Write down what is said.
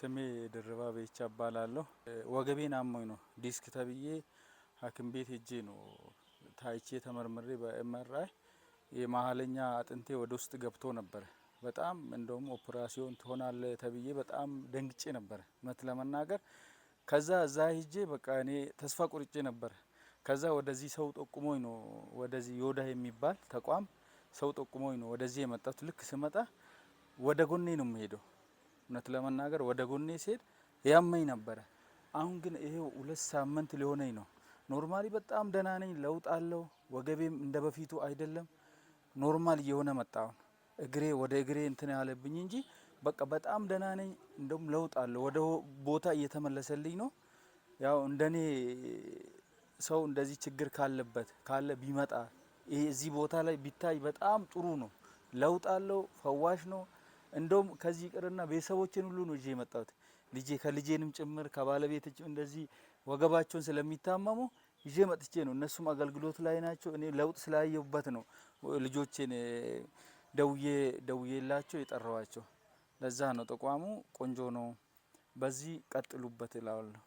ስሜ ድርባ ቤቻ እባላለሁ። ወገቤን አሞኝ ነው ዲስክ ተብዬ ሐኪም ቤት ሄጄ ነው ታይቼ ተመርምሬ በኤምአርአይ የመሀለኛ አጥንቴ ወደ ውስጥ ገብቶ ነበረ። በጣም እንደውም ኦፕራሲዮን ትሆናለ ተብዬ በጣም ደንግጬ ነበረ እውነት ለመናገር ከዛ እዛ ሄጄ በቃ እኔ ተስፋ ቁርጬ ነበረ። ከዛ ወደዚህ ሰው ጠቁሞኝ ነው ወደዚህ ዮዳ የሚባል ተቋም ሰው ጠቁሞኝ ነው ወደዚህ የመጣት። ልክ ስመጣ ወደ ጎኔ ነው የምሄደው እውነት ለመናገር ወደ ጎኔ ሲሄድ ያመኝ ነበረ። አሁን ግን ይሄ ሁለት ሳምንት ሊሆነኝ ነው። ኖርማሊ በጣም ደህና ነኝ፣ ለውጥ አለው። ወገቤም እንደ በፊቱ አይደለም፣ ኖርማል እየሆነ መጣሁን። እግሬ ወደ እግሬ እንትን ያለብኝ እንጂ በቃ በጣም ደህና ነኝ። እንደውም ለውጥ አለው፣ ወደ ቦታ እየተመለሰልኝ ነው። ያው እንደኔ ሰው እንደዚህ ችግር ካለበት ካለ ቢመጣ እዚህ ቦታ ላይ ቢታይ በጣም ጥሩ ነው። ለውጥ አለው፣ ፈዋሽ ነው። እንደውም ከዚህ ይቅርና ቤተሰቦችን ሁሉ ነው ይዤ የመጣሁት። ልጄ ከልጄንም ጭምር ከባለቤት እንደዚህ ወገባቸውን ስለሚታመሙ ይዤ መጥቼ ነው። እነሱም አገልግሎት ላይ ናቸው። እኔ ለውጥ ስላየሁበት ነው ልጆቼን ደውዬ ደውዬላቸው የጠራዋቸው። ለዛ ነው ተቋሙ ቆንጆ ነው። በዚህ ቀጥሉበት እላለሁ።